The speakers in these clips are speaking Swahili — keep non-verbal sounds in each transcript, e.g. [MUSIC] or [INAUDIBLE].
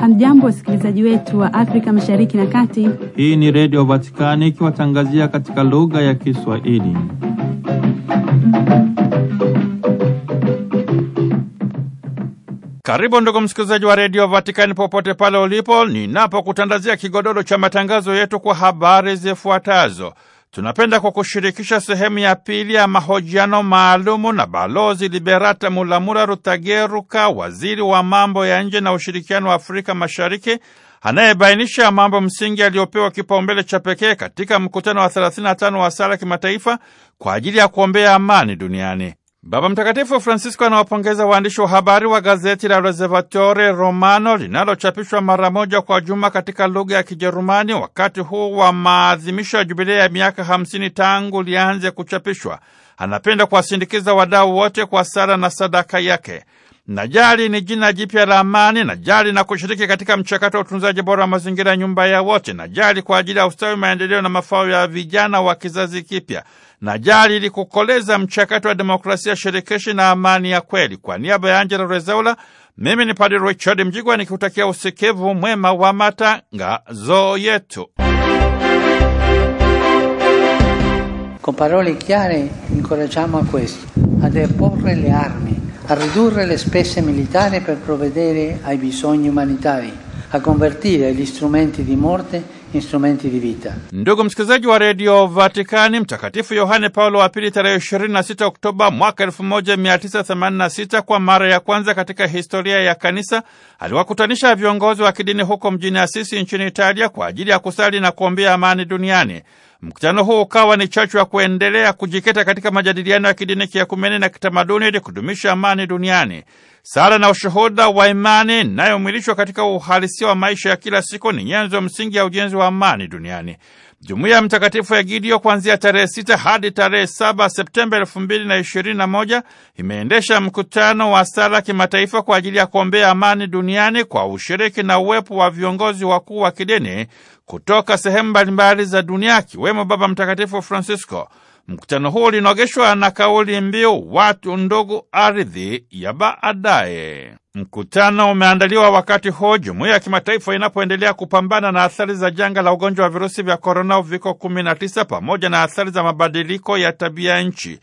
Hamjambo, wasikilizaji wetu wa Afrika Mashariki na Kati. Hii ni Redio Vatikani ikiwatangazia katika lugha ya Kiswahili. Karibu ndugu msikilizaji wa redio Vatikani popote pale ulipo, ninapokutandazia kigodoro cha matangazo yetu kwa habari zifuatazo tunapenda kwa kushirikisha sehemu ya pili ya mahojiano maalumu na Balozi Liberata Mulamula Rutageruka, waziri wa mambo ya nje na ushirikiano wa Afrika Mashariki, anayebainisha mambo msingi aliyopewa kipaumbele cha pekee katika mkutano wa 35 wa sala kimataifa kwa ajili ya kuombea amani duniani. Baba Mtakatifu Francisco anawapongeza waandishi wa habari wa gazeti la Osservatore Romano linalochapishwa mara moja kwa juma katika lugha ya Kijerumani wakati huu wa maadhimisho ya jubilei ya miaka hamsini tangu lianze kuchapishwa. Anapenda kuwasindikiza wadau wote kwa sala na sadaka yake. Najali ni jina jipya la amani. Najali na kushiriki katika mchakato wa utunzaji bora wa mazingira, nyumba ya wote. Najali kwa ajili ya ustawi, maendeleo na mafao ya vijana wa kizazi kipya. na jali ili kukoleza mchakato wa demokrasia shirikishi na amani ya kweli. Kwa niaba ya Angela Rezaula, mimi ni Padre Richard Mjigwa nikikutakia usikivu mwema wa matangazo yetu. Con parole chiare incoraggiamo a questo, a deporre le armi, a ridurre le spese militari per provvedere ai bisogni umanitari, a convertire gli strumenti di morte instrumenti di vita. Ndugu msikilizaji wa redio Vatikani, Mtakatifu Yohane Paulo wa Pili tarehe 26 Oktoba mwaka 1986 kwa mara ya kwanza katika historia ya kanisa aliwakutanisha viongozi wa kidini huko mjini Asisi nchini Italia kwa ajili ya kusali na kuombea amani duniani. Mkutano huu ukawa ni chachu ya kuendelea kujikita katika majadiliano ya kidini, kiakumeni na kitamaduni ili kudumisha amani duniani. Sala na ushuhuda wa imani inayomwilishwa katika uhalisia wa maisha ya kila siku ni nyenzo msingi ya ujenzi wa amani duniani. Jumuiya ya Mtakatifu ya Gideon kuanzia tarehe sita hadi tarehe saba Septemba elfu mbili na ishirini na moja imeendesha mkutano wa sala kimataifa kwa ajili ya kuombea amani duniani kwa ushiriki na uwepo wa viongozi wakuu wa kidini kutoka sehemu mbalimbali za dunia akiwemo Baba Mtakatifu Francisco. Mkutano huo ulinogeshwa na kauli mbiu watu, ndugu, ardhi ya baadaye. Mkutano umeandaliwa wakati huu jumuiya ya kimataifa inapoendelea kupambana na athari za janga la ugonjwa wa virusi vya korona uviko 19 pamoja na athari za mabadiliko ya tabia nchi.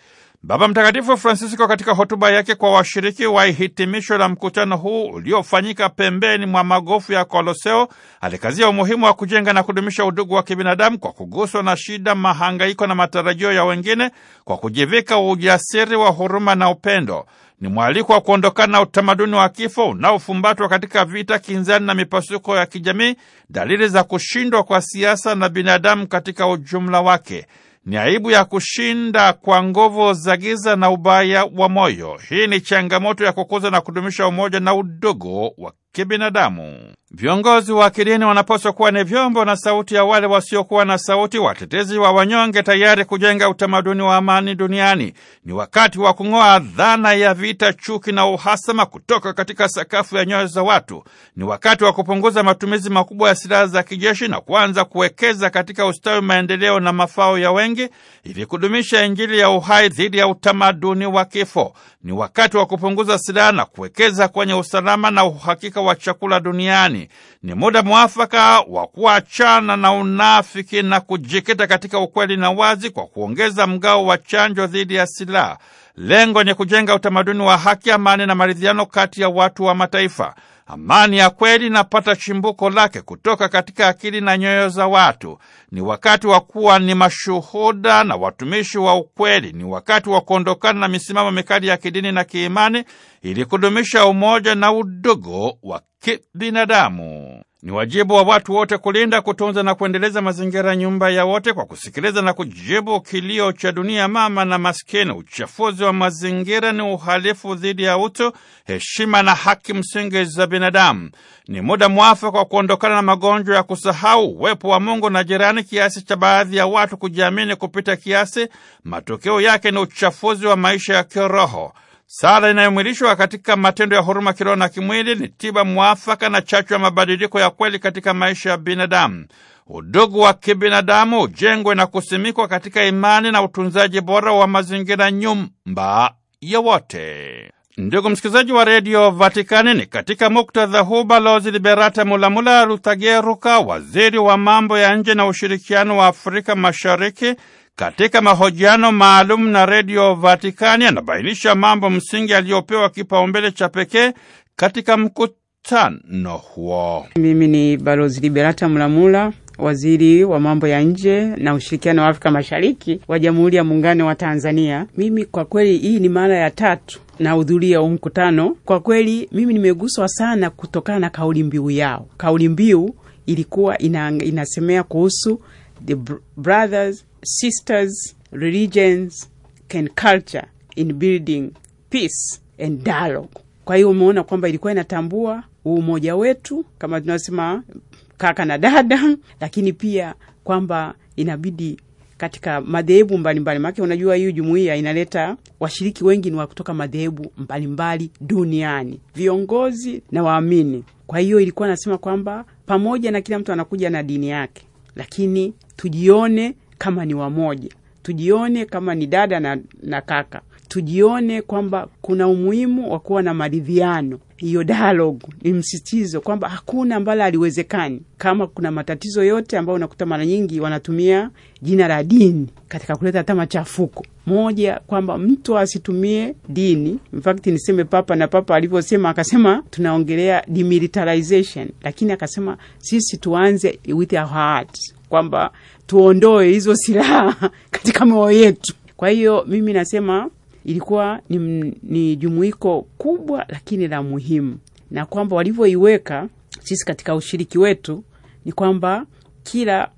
Baba Mtakatifu Francisco katika hotuba yake kwa washiriki wa hitimisho la mkutano huu uliofanyika pembeni mwa magofu ya Koloseo alikazia umuhimu wa kujenga na kudumisha udugu wa kibinadamu kwa kuguswa na shida, mahangaiko na matarajio ya wengine kwa kujivika ujasiri wa huruma na upendo. Ni mwaliko wa kuondokana na utamaduni wa kifo unaofumbatwa katika vita, kinzani na mipasuko ya kijamii, dalili za kushindwa kwa siasa na binadamu katika ujumla wake ni aibu ya kushinda kwa nguvu za giza na ubaya wa moyo. Hii ni changamoto ya kukuza na kudumisha umoja na udugu wa kibinadamu. Viongozi wa kidini wanapaswa kuwa ni vyombo na sauti ya wale wasiokuwa na sauti, watetezi wa wanyonge, tayari kujenga utamaduni wa amani duniani. Ni wakati wa kung'oa dhana ya vita, chuki na uhasama kutoka katika sakafu ya nyoyo za watu. Ni wakati wa kupunguza matumizi makubwa ya silaha za kijeshi na kuanza kuwekeza katika ustawi, maendeleo na mafao ya wengi, ili kudumisha Injili ya uhai dhidi ya utamaduni wa kifo. Ni wakati wa kupunguza silaha na kuwekeza kwenye usalama na uhakika wa chakula duniani. Ni muda mwafaka wa kuachana na unafiki na kujikita katika ukweli na wazi kwa kuongeza mgao wa chanjo dhidi ya silaha. Lengo ni kujenga utamaduni wa haki, amani na maridhiano kati ya watu wa mataifa. Amani ya kweli inapata chimbuko lake kutoka katika akili na nyoyo za watu. Ni wakati wa kuwa ni mashuhuda na watumishi wa ukweli. Ni wakati wa kuondokana na misimamo mikali ya kidini na kiimani ili kudumisha umoja na udugu wa kibinadamu. Ni wajibu wa watu wote kulinda, kutunza na kuendeleza mazingira, nyumba ya wote, kwa kusikiliza na kujibu kilio cha dunia mama na maskini. Uchafuzi wa mazingira ni uhalifu dhidi ya utu, heshima na haki msingi za binadamu. Ni muda mwafaka wa kuondokana na magonjwa ya kusahau uwepo wa Mungu na jirani, kiasi cha baadhi ya watu kujiamini kupita kiasi. Matokeo yake ni uchafuzi wa maisha ya kiroho. Sala inayomwilishwa katika matendo ya huruma kiroho na kimwili ni tiba mwafaka na chachu ya mabadiliko ya kweli katika maisha ya binadamu. Udugu wa kibinadamu ujengwe na kusimikwa katika imani na utunzaji bora wa mazingira, nyumba ya wote. Ndugu msikilizaji wa redio Vatikani, ni katika muktadha huu Balozi Liberata Mulamula Rutageruka, waziri wa mambo ya nje na ushirikiano wa Afrika Mashariki katika mahojiano maalum na redio Vatikani anabainisha mambo msingi aliyopewa kipaumbele cha pekee katika mkutano huo. Mimi ni Balozi Liberata Mulamula, waziri wa mambo ya nje na ushirikiano wa Afrika Mashariki wa Jamhuri ya Muungano wa Tanzania. Mimi kwa kweli, hii ni mara ya tatu nahudhuria huu mkutano. Kwa kweli, mimi nimeguswa sana kutokana na kauli mbiu yao. Kauli mbiu ilikuwa ina, inasemea kuhusu the brothers sisters, religions can culture in building peace and dialogue. Kwa hiyo umeona kwamba ilikuwa inatambua umoja wetu kama tunasema kaka na dada, [LAUGHS] lakini pia kwamba inabidi katika madhehebu mbalimbali, maanake unajua hiyo jumuiya inaleta washiriki wengi ni wa kutoka madhehebu mbalimbali duniani, viongozi na waamini. Kwa hiyo ilikuwa nasema kwamba pamoja na kila mtu anakuja na dini yake, lakini tujione kama ni wamoja, tujione kama ni dada na, na kaka, tujione kwamba kuna umuhimu wa kuwa na maridhiano. Hiyo dialogue ni msitizo kwamba hakuna ambalo haliwezekani. Kama kuna matatizo yote ambayo unakuta mara nyingi wanatumia jina la dini katika kuleta hata machafuko. Moja, kwamba mtu asitumie dini. In fact niseme Papa na Papa alivyosema akasema, tunaongelea demilitarization, lakini akasema sisi tuanze with our kwamba tuondoe hizo silaha [LAUGHS] katika mioyo yetu. Kwa hiyo mimi nasema ilikuwa ni, ni jumuiko kubwa lakini la muhimu, na kwamba walivyoiweka sisi katika ushiriki wetu ni kwamba kila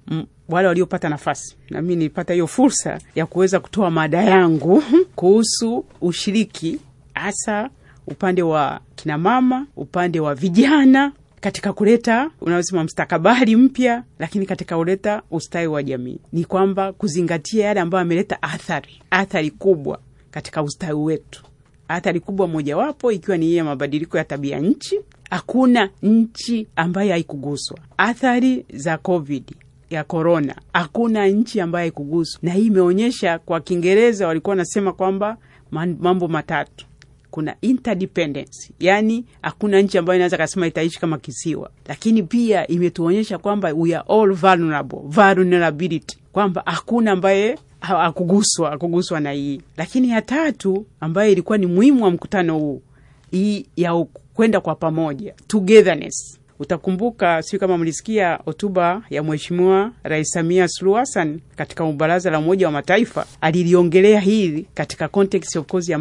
wale waliopata nafasi, na mimi nilipata hiyo fursa ya kuweza kutoa mada yangu [LAUGHS] kuhusu ushiriki, hasa upande wa kinamama, upande wa vijana katika kuleta unaosema mstakabali mpya, lakini katika kuleta ustawi wa jamii, ni kwamba kuzingatia yale ambayo ameleta athari athari kubwa katika ustawi wetu. Athari kubwa mojawapo ikiwa ni hii mabadiliko ya tabia nchi. Hakuna nchi ambayo haikuguswa athari za COVID ya korona, hakuna nchi ambayo haikuguswa, na hii imeonyesha. Kwa Kiingereza walikuwa wanasema kwamba mambo matatu kuna interdependence, yani hakuna nchi ambayo inaweza kasema itaishi kama kisiwa, lakini pia imetuonyesha kwamba we are all vulnerable, vulnerability, kwamba hakuna ambaye akuguswa akuguswa na hii. Lakini ya tatu ambayo ilikuwa ni muhimu wa mkutano huu, hii ya kwenda kwa pamoja, togetherness Utakumbuka sio kama mlisikia hotuba ya Mheshimiwa Rais Samia Suluhu Hassan katika baraza la Umoja wa Mataifa, aliliongelea hili katika context of course ya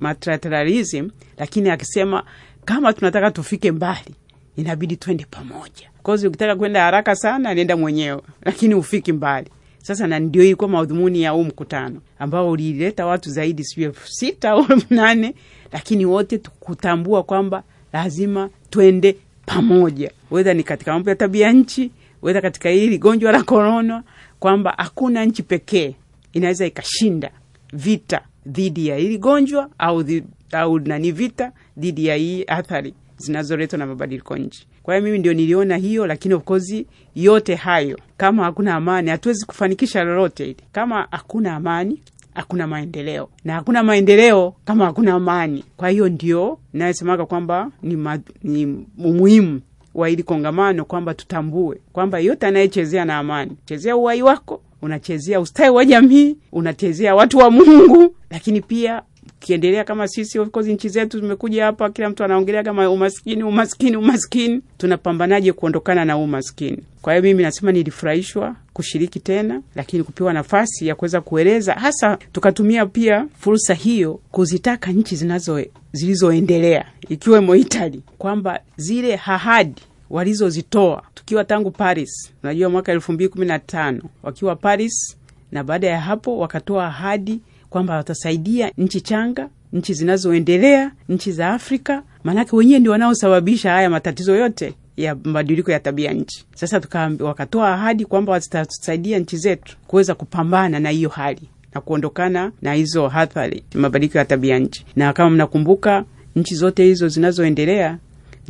multilateralism, lakini akisema kama tunataka tufike mbali inabidi twende pamoja. Kozi, ukitaka kwenda haraka sana nenda mwenyewe, lakini ufiki mbali. Sasa na ndio ilikuwa madhumuni ya huu mkutano ambao ulileta watu zaidi sijui elfu sita au elfu nane lakini wote tukutambua kwamba lazima twende pamoja, wedha ni katika mambo ya tabia nchi, wedha katika hili gonjwa la korona, kwamba hakuna nchi pekee inaweza ikashinda vita dhidi ya hili gonjwa au, di, au nani vita dhidi ya hii athari zinazoletwa na mabadiliko nchi. Kwa hiyo mimi ndio niliona hiyo, lakini of course yote hayo, kama hakuna amani hatuwezi kufanikisha lolote hili. Kama hakuna amani hakuna maendeleo, na hakuna maendeleo kama hakuna amani. Kwa hiyo ndio nayesemaga kwamba ni, ma, ni umuhimu wa hili kongamano kwamba tutambue kwamba yote anayechezea na amani, chezea uwai wako, unachezea ustawi wa jamii, unachezea watu wa Mungu, lakini pia kiendelea kama sisi. Of course nchi zetu zimekuja hapa, kila mtu anaongelea kama umaskini, umaskini, umaskini. Tunapambanaje kuondokana na umaskini? Kwa hiyo mimi nasema nilifurahishwa kushiriki tena, lakini kupewa nafasi ya kuweza kueleza, hasa tukatumia pia fursa hiyo kuzitaka nchi zinazo zilizoendelea ikiwemo Itali kwamba zile hahadi walizozitoa tukiwa tangu Paris, unajua mwaka elfu mbili kumi na tano wakiwa Paris, na baada ya hapo wakatoa ahadi kwamba watasaidia nchi changa, nchi zinazoendelea, nchi za Afrika, maanake wenyewe ndio wanaosababisha haya matatizo yote ya mabadiliko ya tabia nchi. Sasa wakatoa ahadi kwamba watatusaidia nchi zetu kuweza kupambana na hiyo hali na kuondokana na hizo hathari mabadiliko ya tabia nchi. Na kama mnakumbuka, nchi zote hizo zinazoendelea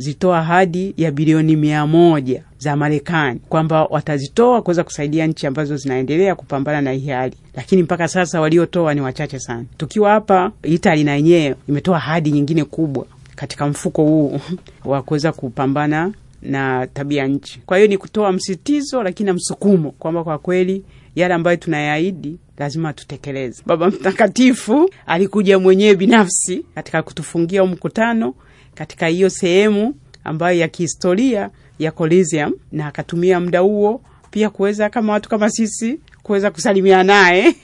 zitoa ahadi ya bilioni mia moja za Marekani kwamba watazitoa kuweza kusaidia nchi ambazo zinaendelea kupambana na hii hali, lakini mpaka sasa waliotoa ni wachache sana. Tukiwa hapa Itali, na yenyewe imetoa ahadi nyingine kubwa katika mfuko huu [LAUGHS] wa kuweza kupambana na tabia nchi. Kwa hiyo ni kutoa msitizo, lakini na msukumo kwamba kwa kweli yale ambayo tunayaahidi lazima tutekeleze. Baba Mtakatifu alikuja mwenyewe binafsi katika kutufungia mkutano katika hiyo sehemu ambayo ya kihistoria ya Coliseum, na akatumia muda huo pia kuweza kama watu kama sisi kuweza kusalimia naye [LAUGHS]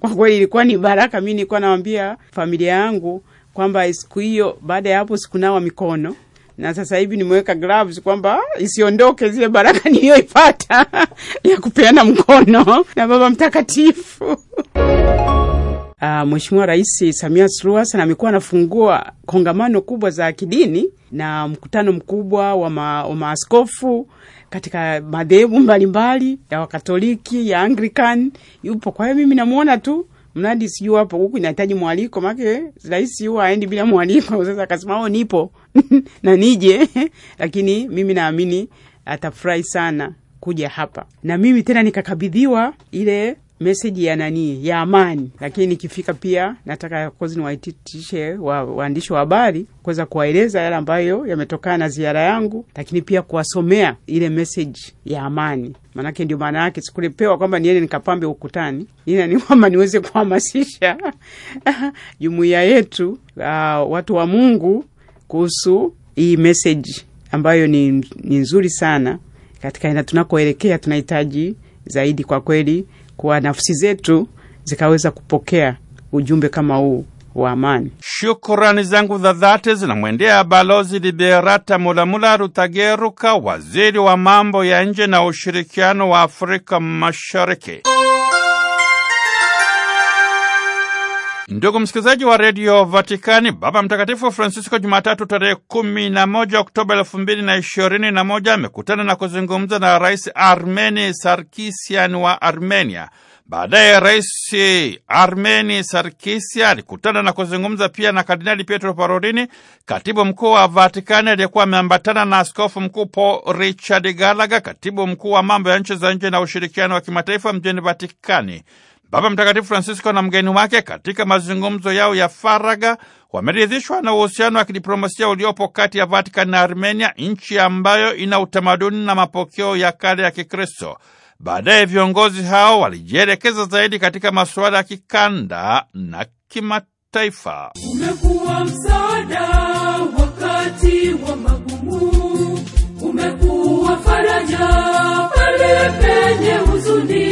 kwa kweli ilikuwa ni baraka. Mi nilikuwa nawambia familia yangu kwamba siku hiyo, baada ya hapo sikunawa mikono na sasa hivi nimeweka gloves kwamba isiondoke zile baraka [LAUGHS] niliyoipata [LAUGHS] ya kupeana mkono na Baba Mtakatifu uh, Mheshimiwa Rais Samia Suluhu Hassan amekuwa anafungua kongamano kubwa za kidini na mkutano mkubwa wa, maaskofu katika madhehebu mbalimbali ya Wakatoliki, ya Anglican yupo. Kwa hiyo mimi namwona tu mradi sijui hapo huku inahitaji mwaliko, make rais huwa aendi bila mwaliko. [LAUGHS] Sasa akasema o, oh, nipo [LAUGHS] na nije [LAUGHS] lakini mimi naamini atafurahi sana kuja hapa na mimi tena nikakabidhiwa ile meseji ya nani ya amani, lakini ikifika pia nataka kozi niwaitishe wa, waandishi wa habari kuweza kuwaeleza yale ambayo yametokana na ziara yangu, lakini pia kuwasomea ile meseji ya amani maanake ndio maana yake. Sikulipewa kwamba niende nikapambe ukutani, ila ni kwamba niweze kuhamasisha [LAUGHS] jumuiya yetu, uh, watu wa Mungu kuhusu hii meseji ambayo ni, ni nzuri sana katika ina tunakoelekea. Tunahitaji zaidi kwa kweli kwa nafsi zetu zikaweza kupokea ujumbe kama huu wa amani. Shukurani zangu za dhati zinamwendea Balozi Liberata Mulamula Rutageruka, waziri wa mambo ya nje na ushirikiano wa Afrika Mashariki. Ndugu msikilizaji wa redio Vatikani, Baba Mtakatifu Francisco Jumatatu tarehe kumi na moja Oktoba elfu mbili na ishirini na moja amekutana na kuzungumza na Rais Armeni Sarkisian wa Armenia. Baadaye Rais Armeni Sarkisian alikutana na kuzungumza pia na Kardinali Pietro Parolini, katibu mkuu wa Vatikani aliyekuwa ameambatana na askofu mkuu Paul Richard Gallagher, katibu mkuu wa mambo ya nchi za nje na ushirikiano wa kimataifa mjini Vatikani. Baba Mtakatifu Francisco na mgeni wake katika mazungumzo yao ya faraga wameridhishwa na uhusiano wa kidiplomasia uliopo kati ya Vatikani na Armenia, nchi ambayo ina utamaduni na mapokeo ya kale ya Kikristo. Baadaye viongozi hao walijielekeza zaidi katika masuala ya kikanda na kimataifa. Umekuwa msaada wakati wa magumu, umekuwa faraja pale penye huzuni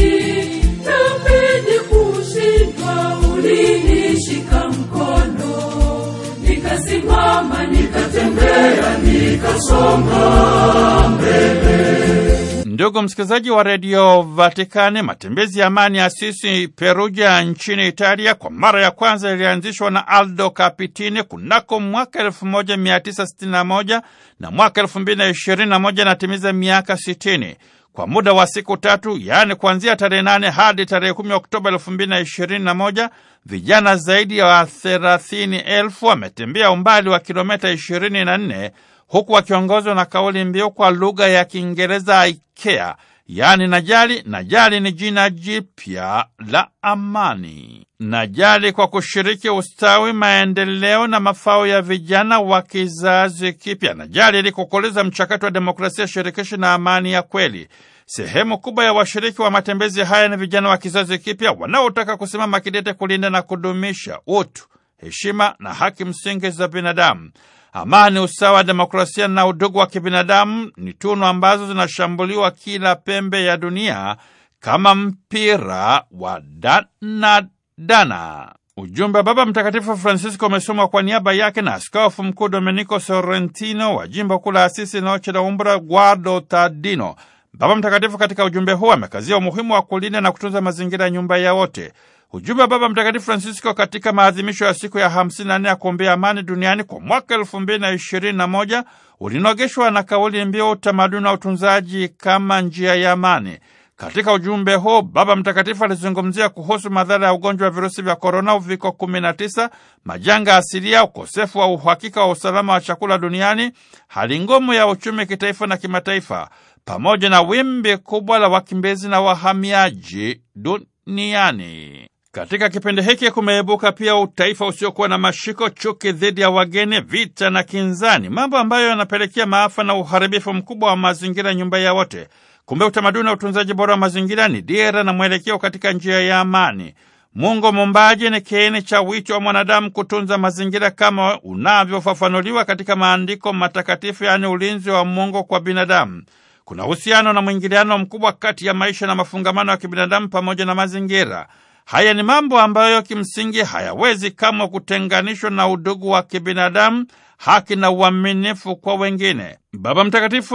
nikasimama nikatembea nikasonga mbele. Ndugu msikilizaji wa redio Vatikani, matembezi ya amani ya Asisi Perugia nchini Italia kwa mara ya kwanza ilianzishwa na Aldo Kapitini kunako mwaka 1961 na mwaka 2021 inatimiza miaka 60 kwa muda wa siku tatu, yaani kuanzia tarehe 8 hadi tarehe 10 Oktoba 2021 vijana zaidi ya thelathini elfu wametembea umbali wa kilometa 24 huku wakiongozwa na kauli mbiu kwa lugha ya Kiingereza ikea yaani najali. Najali ni jina jipya la amani. Najali kwa kushiriki ustawi, maendeleo na mafao ya vijana wa kizazi kipya. Najali ili mchakato wa demokrasia shirikishi na amani ya kweli. Sehemu kubwa ya washiriki wa matembezi haya ni vijana wa kizazi kipya wanaotaka kusimama kidete kulinda na kudumisha utu, heshima na haki msingi za binadamu. Amani, usawa, demokrasia na udugu wa kibinadamu ni tunu ambazo zinashambuliwa kila pembe ya dunia kama mpira wa danadana. Ujumbe wa Baba Mtakatifu Francisco umesomwa kwa niaba yake na Askofu Mkuu Domenico Sorrentino wa jimbo kuu la Asisi, Noce da Umbra, Guardo Tadino. Baba Mtakatifu katika ujumbe huu amekazia umuhimu wa kulinda na kutunza mazingira ya nyumba ya wote. Ujumbe wa Baba Mtakatifu Francisco katika maadhimisho ya siku ya 54 ya kuombea amani duniani kwa mwaka 2021 ulinogeshwa na kauli mbiu utamaduni wa utunzaji kama njia ya amani. Katika ujumbe huo Baba Mtakatifu alizungumzia kuhusu madhara ya ugonjwa wa virusi vya korona, uviko 19, majanga asilia, ukosefu wa uhakika wa usalama wa chakula duniani, hali ngumu ya uchumi kitaifa na kimataifa pamoja na wimbi kubwa la wakimbizi na wahamiaji duniani. Katika kipindi hiki kumeibuka pia utaifa usiokuwa na mashiko, chuki dhidi ya wageni, vita na kinzani, mambo ambayo yanapelekea maafa na uharibifu mkubwa wa mazingira, nyumba ya wote. Kumbe utamaduni na utunzaji bora wa mazingira ni dira na mwelekeo katika njia ya amani. Mungu mumbaji ni kiini cha wito wa mwanadamu kutunza mazingira kama unavyofafanuliwa katika maandiko matakatifu, yaani ulinzi wa Mungu kwa binadamu. Kuna uhusiano na mwingiliano mkubwa kati ya maisha na mafungamano ya kibinadamu pamoja na mazingira. Haya ni mambo ambayo kimsingi hayawezi kamwe kutenganishwa na udugu wa kibinadamu, haki na uaminifu kwa wengine. Baba Mtakatifu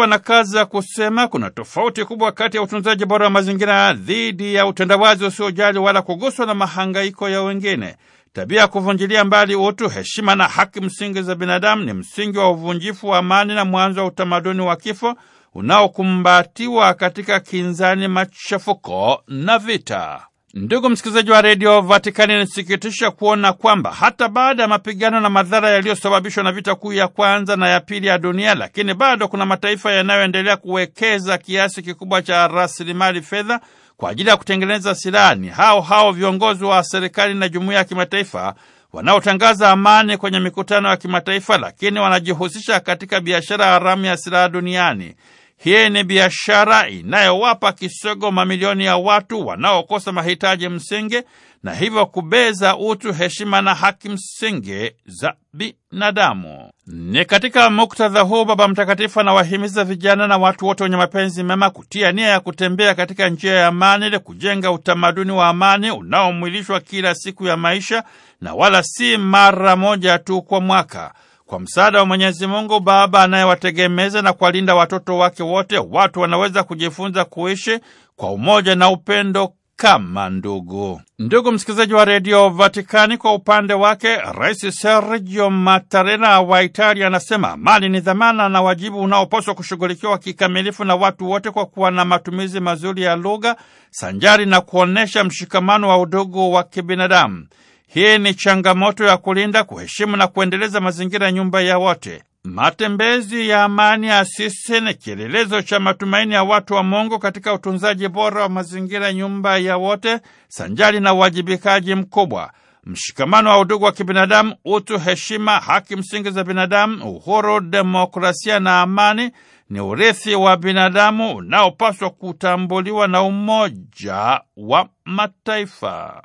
ya kusema kuna tofauti kubwa kati ya utunzaji bora wa mazingira dhidi ya utandawazi usiojali wala kuguswa na mahangaiko ya wengine. Tabia ya kuvunjilia mbali utu, heshima na haki msingi za binadamu ni msingi wa uvunjifu wa amani na mwanzo wa utamaduni wa kifo unaokumbatiwa katika kinzani, machafuko na vita. Ndugu msikilizaji wa redio Vatikani, inasikitisha kuona kwamba hata baada ya mapigano na madhara yaliyosababishwa na vita kuu ya kwanza na ya pili ya dunia, lakini bado kuna mataifa yanayoendelea kuwekeza kiasi kikubwa cha rasilimali fedha kwa ajili ya kutengeneza silaha. Ni hao hao viongozi wa serikali na jumuiya ya kimataifa wanaotangaza amani kwenye mikutano ya kimataifa, lakini wanajihusisha katika biashara haramu ya silaha duniani. Hii ni biashara inayowapa kisogo mamilioni ya watu wanaokosa mahitaji msingi na hivyo kubeza utu, heshima na haki msingi za binadamu. Ni katika muktadha huu Baba Mtakatifu anawahimiza vijana na watu wote wenye mapenzi mema kutia nia ya kutembea katika njia ya amani ili kujenga utamaduni wa amani unaomwilishwa kila siku ya maisha na wala si mara moja tu kwa mwaka. Kwa msaada wa Mwenyezi Mungu Baba anayewategemeza na kuwalinda watoto wake wote, watu wanaweza kujifunza kuishi kwa umoja na upendo kama ndugu. Ndugu msikilizaji wa redio Vatikani, kwa upande wake Rais Sergio Mattarella wa Italia anasema mali ni dhamana na wajibu unaopaswa kushughulikiwa kikamilifu na watu wote kwa kuwa na matumizi mazuri ya lugha sanjari na kuonyesha mshikamano wa udugu wa kibinadamu. Hii ni changamoto ya kulinda, kuheshimu na kuendeleza mazingira nyumba ya wote. Matembezi ya amani asisi ni kielelezo cha matumaini ya watu wa Mungu katika utunzaji bora wa mazingira nyumba ya wote, sanjari na uwajibikaji mkubwa mshikamano wa udugu wa kibinadamu, utu, heshima, haki msingi za binadamu, uhuru, demokrasia na amani ni urithi wa binadamu unaopaswa kutambuliwa na Umoja wa Mataifa.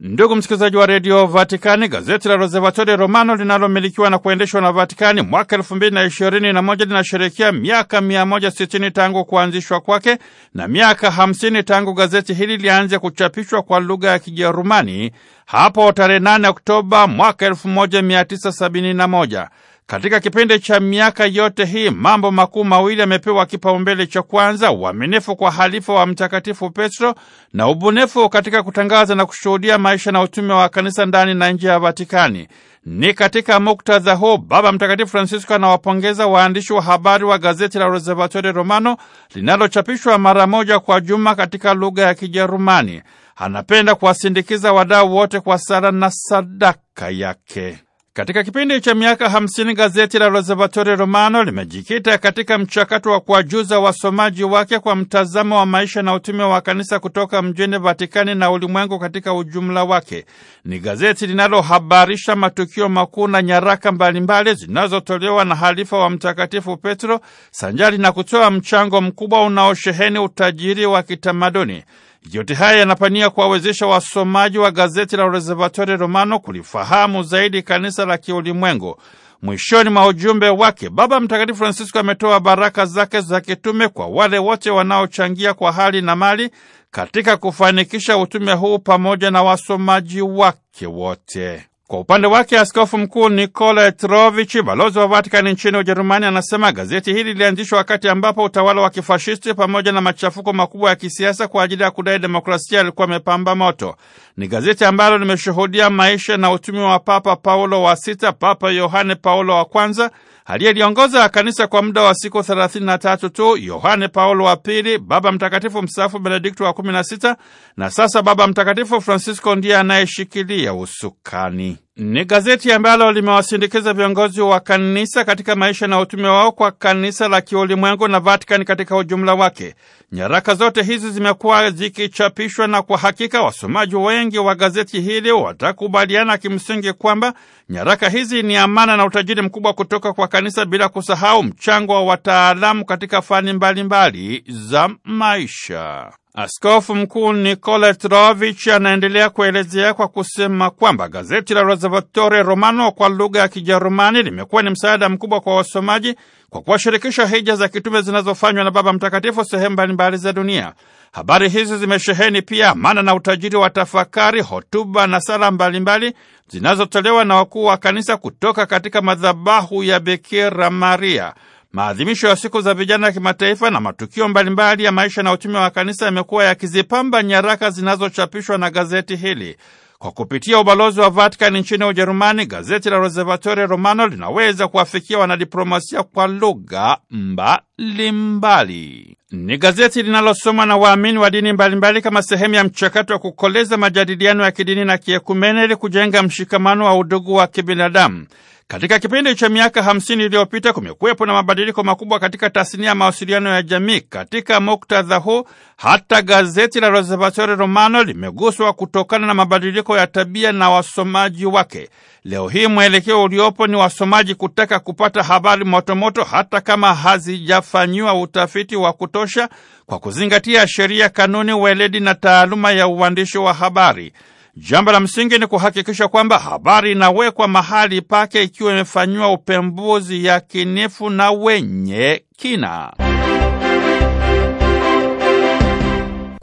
Ndugu msikilizaji wa redio Vatikani, gazeti la Rosevatore Romano linalomilikiwa na kuendeshwa na Vatikani mwaka elfu mbili na ishirini na moja linasherehekea miaka mia moja sitini tangu kuanzishwa kwake na miaka hamsini tangu gazeti hili lianze kuchapishwa kwa lugha ya Kijerumani hapo tarehe 8 Oktoba mwaka elfu moja mia tisa sabini na moja. Katika kipindi cha miaka yote hii mambo makuu mawili yamepewa kipaumbele cha kwanza: uaminifu kwa halifa wa Mtakatifu Petro na ubunifu katika kutangaza na kushuhudia maisha na utume wa kanisa ndani na nje ya Vatikani. Ni katika muktadha huu Baba Mtakatifu Francisco anawapongeza waandishi wa habari wa gazeti la Osservatore Romano linalochapishwa mara moja kwa juma katika lugha ya Kijerumani. Anapenda kuwasindikiza wadau wote kwa sala na sadaka yake. Katika kipindi cha miaka hamsini gazeti la L'Osservatore Romano limejikita katika mchakato wa kuwajuza wasomaji wake kwa mtazamo wa maisha na utume wa kanisa kutoka mjini Vatikani na ulimwengu katika ujumla wake. Ni gazeti linalohabarisha matukio makuu na nyaraka mbalimbali zinazotolewa na halifa wa Mtakatifu Petro sanjari na kutoa mchango mkubwa unaosheheni utajiri wa kitamaduni. Yote haya yanapania kuwawezesha wasomaji wa gazeti la Osservatore Romano kulifahamu zaidi kanisa la kiulimwengu. Mwishoni mwa ujumbe wake, Baba Mtakatifu Francisco ametoa baraka zake za kitume kwa wale wote wanaochangia kwa hali na mali katika kufanikisha utume huu pamoja na wasomaji wake wote. Kwa upande wake askofu mkuu Nikola trovichi balozi wa Vatikani nchini Ujerumani, anasema gazeti hili lilianzishwa wakati ambapo utawala wa kifashisti pamoja na machafuko makubwa ya kisiasa kwa ajili ya kudai demokrasia yalikuwa amepamba moto. Ni gazeti ambalo limeshuhudia maisha na utumi wa Papa Paulo wa Sita, Papa Yohane Paulo wa Kwanza, aliyeliongoza kanisa kwa muda wa siku 33 tu, Yohane Paulo wa Pili, Baba Mtakatifu mstaafu Benedikto wa 16 na sasa Baba Mtakatifu Francisco ndiye anayeshikilia usukani ni gazeti ambalo limewasindikiza viongozi wa kanisa katika maisha na utume wao kwa kanisa la kiulimwengu na Vatikani katika ujumla wake. Nyaraka zote hizi zimekuwa zikichapishwa na kwa hakika wasomaji wengi wa gazeti hili watakubaliana kimsingi kwamba nyaraka hizi ni amana na utajiri mkubwa kutoka kwa kanisa, bila kusahau mchango wa wataalamu katika fani mbalimbali mbali za maisha. Askofu mkuu Nikole Trovich anaendelea kuelezea kwa kusema kwamba gazeti la Rosavatore Romano kwa lugha ya Kijerumani limekuwa ni msaada mkubwa kwa wasomaji kwa kuwashirikisha hija za kitume zinazofanywa na Baba Mtakatifu sehemu mbalimbali za dunia. Habari hizi zimesheheni pia maana na utajiri wa tafakari, hotuba na sala mbalimbali zinazotolewa na wakuu wa kanisa kutoka katika madhabahu ya Bikira Maria. Maadhimisho ya siku za vijana ya kimataifa na matukio mbalimbali ya maisha na utume wa kanisa yamekuwa yakizipamba nyaraka zinazochapishwa na gazeti hili. Kwa kupitia ubalozi wa vatican nchini Ujerumani, gazeti la Osservatore Romano linaweza kuwafikia wanadiplomasia kwa lugha mbalimbali. Ni gazeti linalosomwa na waamini wa dini mbalimbali kama sehemu ya mchakato wa kukoleza majadiliano ya kidini na kiekumene ili kujenga mshikamano wa udugu wa kibinadamu. Katika kipindi cha miaka hamsini iliyopita kumekuwepo na mabadiliko makubwa katika tasnia ya mawasiliano ya jamii. Katika muktadha huu, hata gazeti la L'Osservatore Romano limeguswa kutokana na mabadiliko ya tabia na wasomaji wake. Leo hii mwelekeo uliopo ni wasomaji kutaka kupata habari motomoto hata kama hazijafanyiwa utafiti wa kutosha, kwa kuzingatia sheria, kanuni, weledi na taaluma ya uandishi wa habari. Jambo la msingi ni kuhakikisha kwamba habari inawekwa mahali pake ikiwa imefanyiwa upembuzi yakinifu na wenye kina.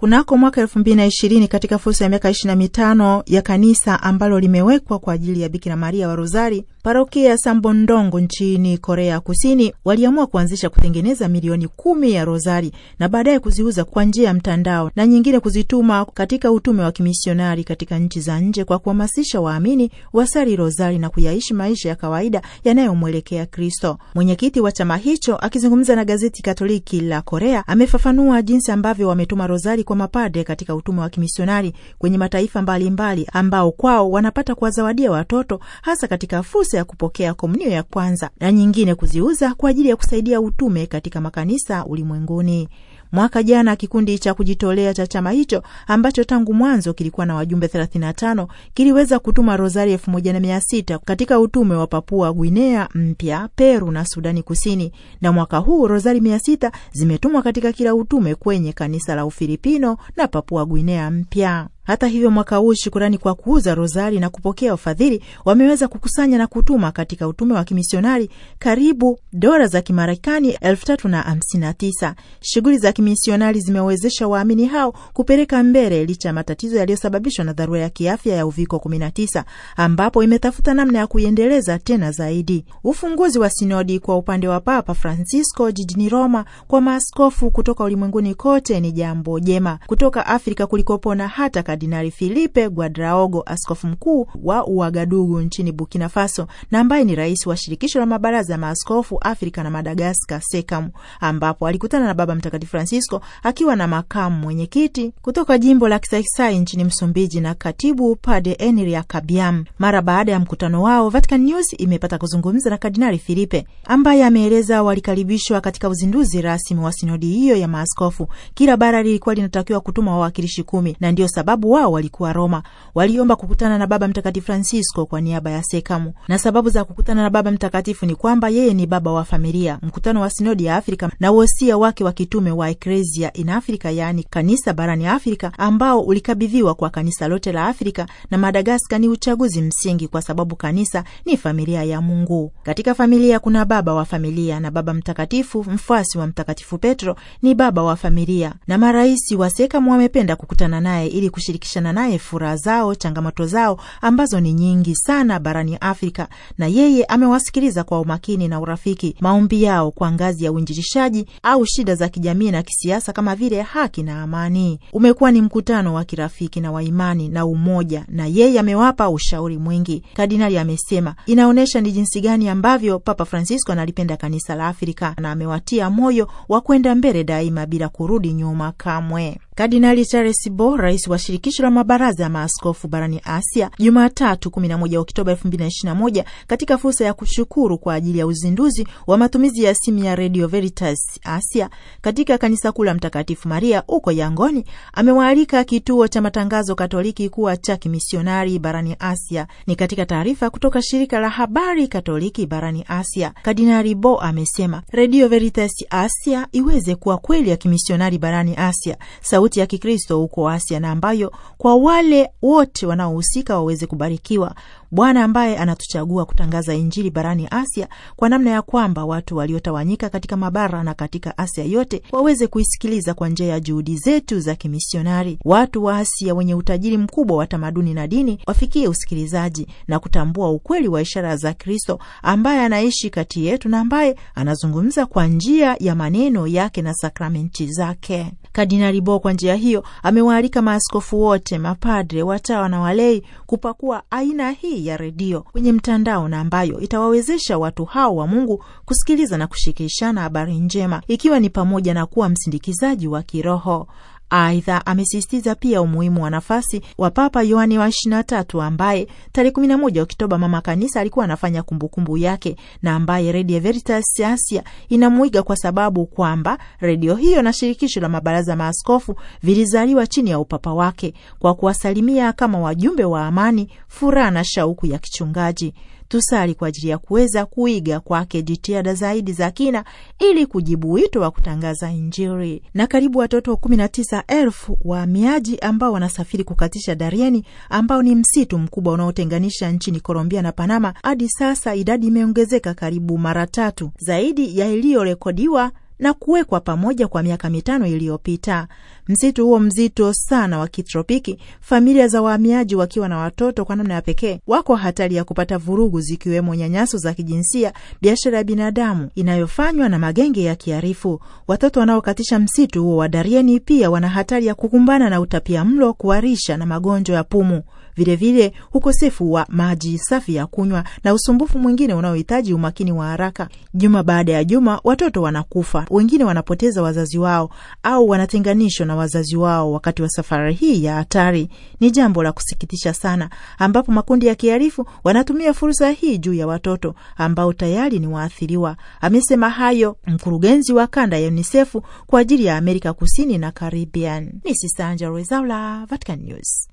kunako mwaka elfu mbili na ishirini katika fursa ya miaka ishirini na mitano ya kanisa ambalo limewekwa kwa ajili ya Bikira Maria wa Rozari, parokia ya Sambondongo nchini Korea Kusini waliamua kuanzisha kutengeneza milioni kumi ya rozari na baadaye kuziuza kwa njia ya mtandao na nyingine kuzituma katika utume wa kimisionari katika nchi za nje kwa kuhamasisha waamini wasali rozari na kuyaishi maisha ya kawaida yanayomwelekea Kristo. Mwenyekiti wa chama hicho akizungumza na gazeti Katoliki la Korea amefafanua jinsi ambavyo wametuma rozari kwa mapade katika utumwa wa kimisionari kwenye mataifa mbalimbali mbali, ambao kwao wanapata kuwazawadia watoto hasa katika fursa ya kupokea komunio ya kwanza na nyingine kuziuza kwa ajili ya kusaidia utume katika makanisa ulimwenguni. Mwaka jana kikundi cha kujitolea cha chama hicho ambacho tangu mwanzo kilikuwa na wajumbe 35 kiliweza kutuma rozari 1600 katika utume wa Papua Guinea Mpya, Peru na Sudani Kusini, na mwaka huu rozari 600 zimetumwa katika kila utume kwenye kanisa la Ufilipino na Papua Guinea Mpya. Hata hivyo, mwaka huu, shukurani kwa kuuza rozari na kupokea wafadhili, wameweza kukusanya na kutuma katika utume wa kimisionari karibu dola za Kimarekani elfu tatu na hamsini na tisa. Shughuli za kimisionari zimewezesha waamini hao kupeleka mbele licha ya matatizo yaliyosababishwa na dharura ya kiafya ya uviko 19 ambapo imetafuta namna ya kuiendeleza tena zaidi. Ufunguzi wa sinodi kwa upande wa Papa Francisco jijini Roma kwa maaskofu kutoka ulimwenguni kote ni jambo jema, kutoka Afrika kulikopona hata Kardinali Filipe Guadraogo, askofu mkuu wa Uagadugu nchini Burkina Faso na ambaye ni rais wa shirikisho la mabaraza ya maaskofu Afrika na Madagaskar, SECAM, ambapo alikutana na Baba Mtakatifu Francisco akiwa na makamu mwenyekiti kutoka jimbo la Kisaisai nchini Msumbiji na katibu Pade Enri Akabiam. Mara baada ya mkutano wao, Vatican News imepata kuzungumza na Kardinali Filipe ambaye ameeleza walikaribishwa katika uzinduzi rasmi wa sinodi hiyo ya maaskofu. Kila bara lilikuwa linatakiwa kutuma wawakilishi kumi na ndiyo sababu sababu wao walikuwa Roma, waliomba kukutana na Baba Mtakatifu Francisco kwa niaba ya Sekamu. Na sababu za kukutana na Baba Mtakatifu ni kwamba yeye ni baba wa familia, mkutano wa sinodi ya Afrika na wosia wake wa kitume wa Ecclesia in Africa, yaani kanisa barani Afrika, ambao ulikabidhiwa kwa kanisa lote la Afrika na Madagaskar, ni uchaguzi msingi kwa sababu kanisa ni familia ya Mungu. Katika familia kuna baba wa familia, na Baba Mtakatifu, mfuasi wa Mtakatifu Petro, ni baba wa familia, na marais wa Sekamu wamependa kukutana naye ili kushiriki walishirikishana naye furaha zao, changamoto zao ambazo ni nyingi sana barani Afrika, na yeye amewasikiliza kwa umakini na urafiki maombi yao kwa ngazi ya uinjilishaji au shida za kijamii na kisiasa kama vile haki na amani. Umekuwa ni mkutano wa kirafiki na waimani na umoja, na yeye amewapa ushauri mwingi. Kardinali amesema inaonyesha ni jinsi gani ambavyo Papa Francisco analipenda kanisa la Afrika na amewatia moyo wa kwenda mbele daima bila kurudi nyuma kamwe. Kardinali Bo, rais wa shirikisho la mabaraza ya maaskofu barani Asia, Jumatatu 11 Oktoba 2021 katika fursa ya kushukuru kwa ajili ya uzinduzi wa matumizi ya simu ya Radio Veritas Asia katika kanisa kuu la Mtakatifu Maria huko Yangoni, amewaalika kituo cha matangazo Katoliki kuwa cha kimisionari barani Asia. Ni katika taarifa kutoka shirika la habari Katoliki barani Asia, Kardinali Bo amesema Radio Veritas Asia iweze kuwa kweli ya kimisionari barani Asia sauti ya Kikristo huko Asia na ambayo kwa wale wote wanaohusika waweze kubarikiwa Bwana ambaye anatuchagua kutangaza Injili barani Asia kwa namna ya kwamba watu waliotawanyika katika mabara na katika Asia yote waweze kuisikiliza kwa njia ya juhudi zetu za kimisionari. Watu wa Asia wenye utajiri mkubwa wa tamaduni na dini wafikie usikilizaji na kutambua ukweli wa ishara za Kristo ambaye anaishi kati yetu na ambaye anazungumza kwa njia ya maneno yake na sakramenti zake. Kardinali Bo kwa njia hiyo amewaalika maaskofu wote, mapadre, watawa na walei kupakua aina hii ya redio kwenye mtandao na ambayo itawawezesha watu hao wa Mungu kusikiliza na kushirikishana habari njema, ikiwa ni pamoja na kuwa msindikizaji wa kiroho. Aidha, amesisitiza pia umuhimu wa nafasi wa Papa Yohani wa 23 ambaye tarehe 11 Oktoba mama kanisa alikuwa anafanya kumbukumbu yake na ambaye Redio Veritas Asia inamwiga kwa sababu kwamba redio hiyo na shirikisho la mabaraza maaskofu vilizaliwa chini ya upapa wake, kwa kuwasalimia kama wajumbe wa amani, furaha na shauku ya kichungaji. Tusali kwa ajili ya kuweza kuiga kwake jitihada zaidi za kina ili kujibu wito wa kutangaza Injili. Na karibu watoto kumi na tisa elfu wahamiaji ambao wanasafiri kukatisha Darieni, ambao ni msitu mkubwa unaotenganisha nchini kolombia na Panama, hadi sasa idadi imeongezeka karibu mara tatu zaidi ya iliyorekodiwa na kuwekwa pamoja kwa miaka mitano iliyopita. Msitu huo mzito sana wa kitropiki, familia za wahamiaji wakiwa na watoto kwa namna ya pekee, wako hatari ya kupata vurugu, zikiwemo nyanyaso za kijinsia, biashara ya binadamu inayofanywa na magenge ya kiharifu. Watoto wanaokatisha msitu huo wa Darieni pia wana hatari ya kukumbana na utapia mlo, kuharisha na magonjwa ya pumu vilevile ukosefu wa maji safi ya kunywa na usumbufu mwingine unaohitaji umakini wa haraka. Juma baada ya juma, watoto wanakufa, wengine wanapoteza wazazi wao au wanatenganishwa na wazazi wao wakati wa safari hii ya hatari. Ni jambo la kusikitisha sana, ambapo makundi ya kiharifu wanatumia fursa hii juu ya watoto ambao tayari ni waathiriwa. Amesema hayo mkurugenzi wa kanda ya UNICEF kwa ajili ya Amerika Kusini na Caribbean. Ni Rwezaula, Vatican News.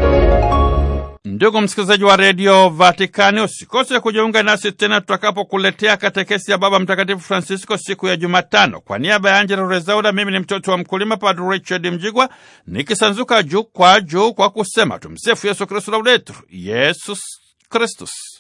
Ndugu msikilizaji wa redio Vatikani, usikose kujiunga nasi tena tutakapokuletea katekesi ya Baba Mtakatifu Francisco siku ya Jumatano. Kwa niaba ya Angela rezauda mimi ni mtoto wa mkulima Padre Richard Mjigwa nikisanzuka juu kwa juu kwa kusema tumsifu Yesu Kristu, laudetur Yesus Kristus.